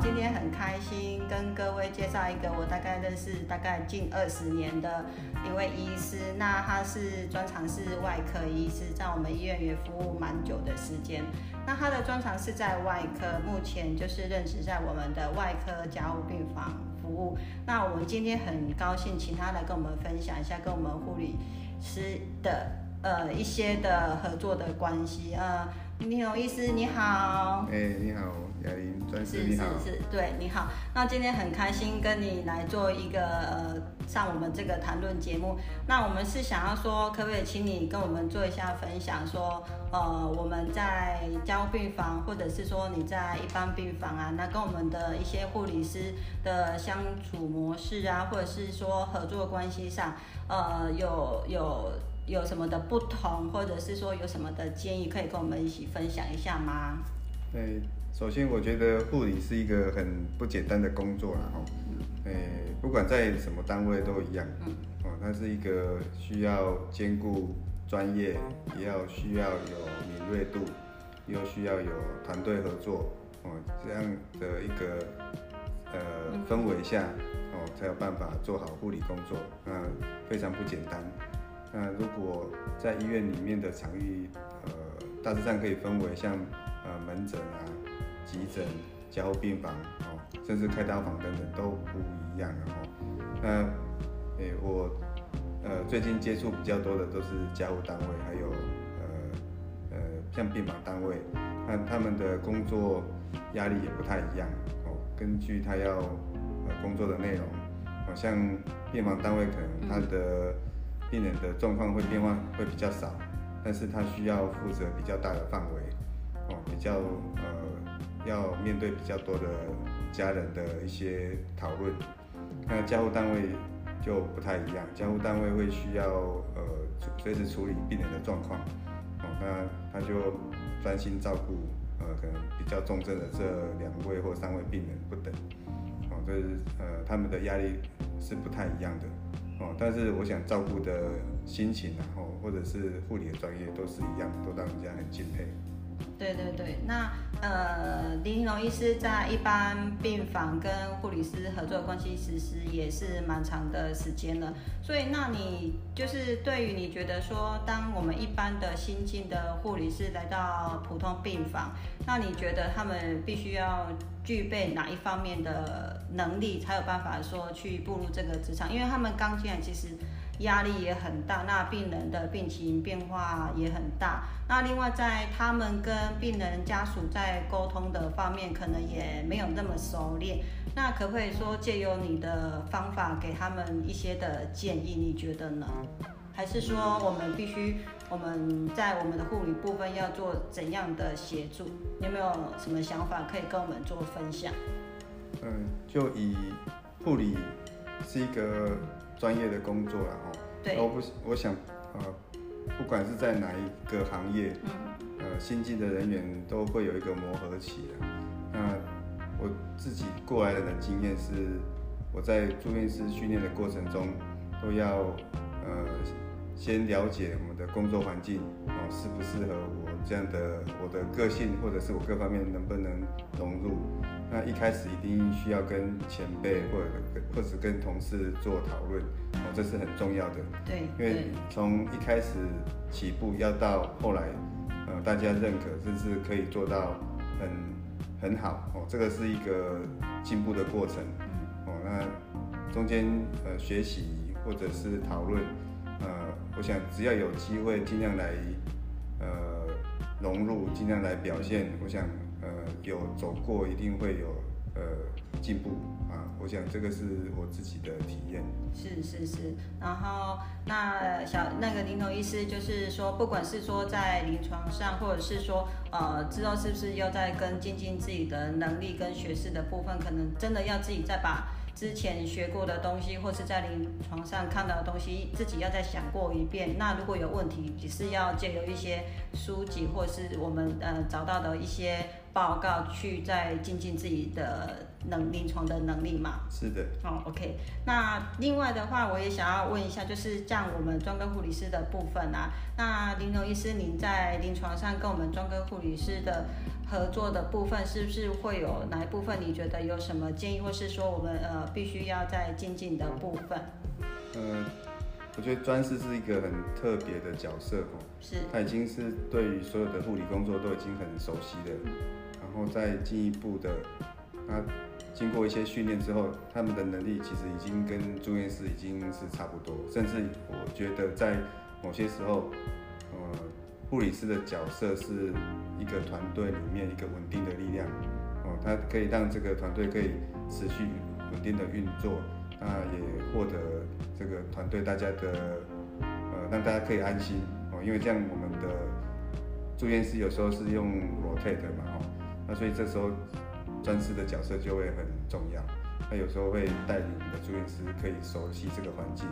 今天很開心跟各位介紹一個我大概認識大概近二十年的一位醫師，那他是專長是外科醫師，在我們醫院也服務蠻久的時間。那他的專長是在外科，目前就是任職在我們的外科加護病房服務。那我們今天很高興請他來跟我們分享一下跟我們護理師的呃一些的合作的關係呃，林廷龍醫師你好，哎、欸、你好。是是是，是，對，你好。那今天很開心跟你來做一個呃，上我們這個談論節目。那我們是想要說，可不可以請你跟我們做一下分享，說，呃，我們在加護病房，或者是說你在一般病房啊，那跟我們的一些護理師的相處模式啊，或者是說合作關係上，呃，有有有什麼的不同，或者是說有什麼的建議，可以跟我們一起分享一下嗎？對。首先，我覺得護理是一個很不簡單的工作了、啊、哈。誒、欸，不管在什麼單位都一樣。哦，它是一個需要兼顧專業，也要需要有敏銳度，又需要有團隊合作哦，這樣的一個呃、嗯、氛圍下哦，才有辦法做好護理工作。嗯、呃，非常不簡單。那如果在醫院裡面的場域，呃，大致上可以分為像呃門診啊。急診、加護病房，哦，甚至開刀房等等都不一樣，哦。那，誒、欸，我，呃，最近接觸比較多的都是加護單位，還有，呃，呃，像病房單位，那他們的工作壓力也不太一樣，哦。根據他要，呃，工作的內容，好、哦、像病房單位可能他的病人的狀況會變化、嗯、會比較少，但是他需要負責比較大的範圍，哦，比較，呃。要面對比較多的家人的一些討論，那加護單位就不太一樣，加護單位會需要呃隨時處理病人的狀況，哦，那他就專心照顧呃可能比較重症的這兩位或三位病人不等，哦，這、就是呃他們的壓力是不太一樣的，哦，但是我想照顧的心情然、啊、後或者是護理的專業都是一樣，都讓人家很敬佩。對對對，那呃，林廷龍醫師在一般病房跟護理師合作關係，其實也是蠻長的時間了。所以，那你就是對於你覺得說，當我們一般的新進的護理師來到普通病房，那你覺得他們必須要具備哪一方面的能力，才有辦法說去步入這個職場？因為他們剛進來，其實。壓力也很大，那病人的病情變化也很大。那另外，在他們跟病人家屬在溝通的方面，可能也沒有那麼熟練。那可不可以說借由你的方法給他們一些的建議？你覺得呢？還是說我們必須我們在我們的護理部分要做怎樣的協助？有沒有什麼想法可以跟我們做分享？嗯，就以護理。是一個專業的工作了、啊、對，我不，我想，呃，不管是在哪一個行業，嗯、呃，新進的人員都會有一個磨合期的、啊。那我自己過來的經驗是，我在住院師訓練的過程中，都要，呃，先了解我們的工作環境哦、呃，適不適合我。這樣的我的個性或者是我各方面能不能融入，那一開始一定需要跟前輩或者或者跟同事做討論，哦，這是很重要的。對，對。因為從一開始起步，要到後來，呃，大家認可，甚至可以做到很很好，哦，這個是一個進步的過程。哦，那中間呃學習或者是討論，呃，我想只要有機會，盡量來。融入，儘量來表現。我想，呃，有走過，一定會有呃進步啊。我想這個是我自己的體驗。是是是，然後那小那個林廷醫師就是說，不管是說在臨床上，或者是說呃，知道是不是要再跟精進自己的能力跟學識的部分，可能真的要自己再把。之前學過的東西，或是在臨床上看到的東西，自己要再想過一遍。那如果有問題，只是要借由一些書籍，或是我們呃找到的一些報告，去再精進自己的能臨床的能力嘛？是的。哦 OK 那另外的話，我也想要問一下，就是像我們專科護理師的部分啊，那林龍醫師，您在臨床上跟我們專科護理師的。合作的部分是不是會有哪一部分？你覺得有什麼建議，或是說我們呃必須要再精進的部分？呃，我覺得專師是一個很特別的角色，是，他已經是對於所有的護理工作都已經很熟悉了，然後再進一步的，他經過一些訓練之後，他們的能力其實已經跟住院師已經是差不多，甚至我覺得在某些時候，呃，護理師的角色是。一個團隊裡面一個穩定的力量，哦，它可以讓這個團隊可以持續穩定的運作，那、啊、也獲得這個團隊大家的，呃，讓大家可以安心，哦，因為這樣我們的住院師有時候是用 rotate 的嘛，哦，那所以這時候專師的角色就會很重要，那有時候會帶領的住院師可以熟悉這個環境。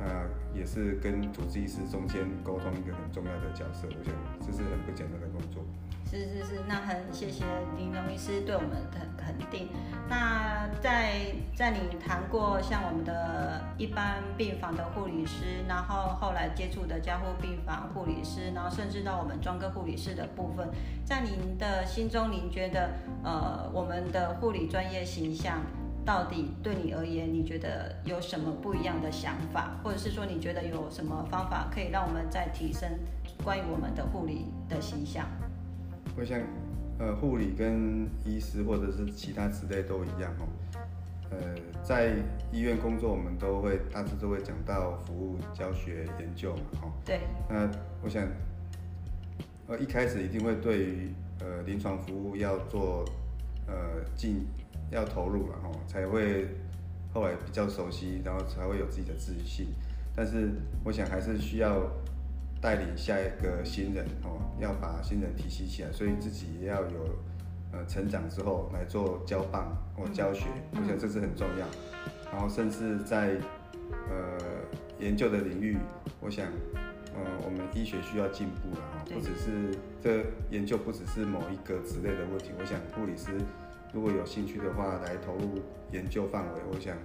呃，也是跟主治醫師中間溝通一個很重要的角色，我想這是很不簡單的工作。是是是，那很謝謝林廷龍醫師對我們的肯定。那在在你談過像我們的一般病房的護理師，然後後來接觸的加護病房護理師，然後甚至到我們專科護理師的部分，在您的心中，您覺得呃，我們的護理專業形象？到底對你而言，你覺得有什麼不一樣的想法，或者是說你覺得有什麼方法可以讓我們再提升關於我們的護理的形象？我想，呃護理跟醫師或者是其他職類都一樣哦。呃，在醫院工作，我們都會大致都會講到服務、教學、研究嘛，吼、哦。對。那我想，呃，一開始一定會對於呃臨床服務要做呃進。要投入了哦，才會後來比較熟悉，然後才會有自己的自信。但是我想還是需要帶領下一個新人哦，要把新人體系起來，所以自己也要有呃成長之後來做交棒或教學。嗯、我想這是很重要。嗯、然後甚至在呃研究的領域，我想嗯、呃、我們醫學需要進步了哦，對不只是這個、研究不只是某一個之類的問題。我想護理師，如果有興趣的話，來投入研究範圍，我想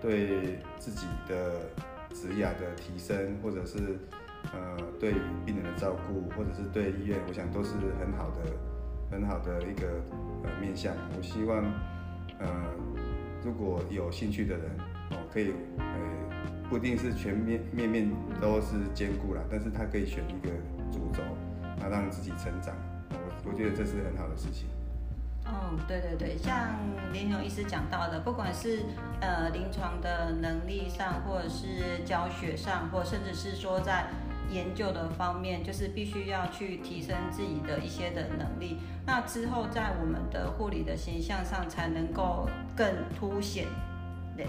對自己的職涯的提升，或者是呃對病人的照顧，或者是對醫院，我想都是很好的、很好的一個呃面向。我希望呃如果有興趣的人，哦、呃、可以呃不一定是全面面面都是兼顧啦，但是他可以選一個主軸，啊，讓自己成長，我我覺得這是很好的事情。對對對，像林廷龍醫師講到的，不管是呃臨床的能力上，或者是教學上，或甚至是說在研究的方面，就是必須要去提升自己的一些的能力。那之後，在我們的護理的形象上，才能夠更凸顯。對，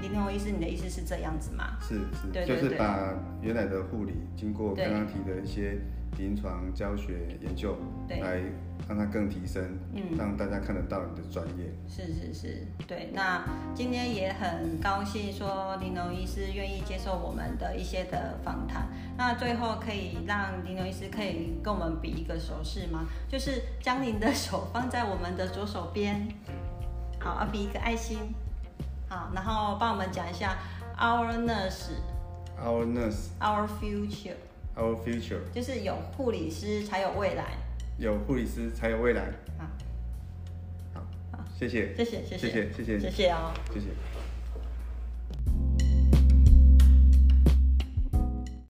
林廷龍醫師，你的意思是這樣子嗎？是是，是對對對對，就是把原來的護理經過剛剛提的一些。臨床教學研究，對，來讓它更提升，嗯，讓大家看得到你的專業。是是是，對。那今天也很高興，說林廷龍醫師願意接受我們的一些的訪談。那最後可以讓林廷龍醫師可以跟我們比一個手勢嗎？就是將您的手放在我們的左手邊，好，比一個愛心，好，然後幫我們講一下 our nurse，our nurse，our future。Our future 就是有護理師才有未來，有護理師才有未來。好，好，謝謝，謝謝，謝謝哦，謝謝，謝謝，謝謝，謝謝謝謝。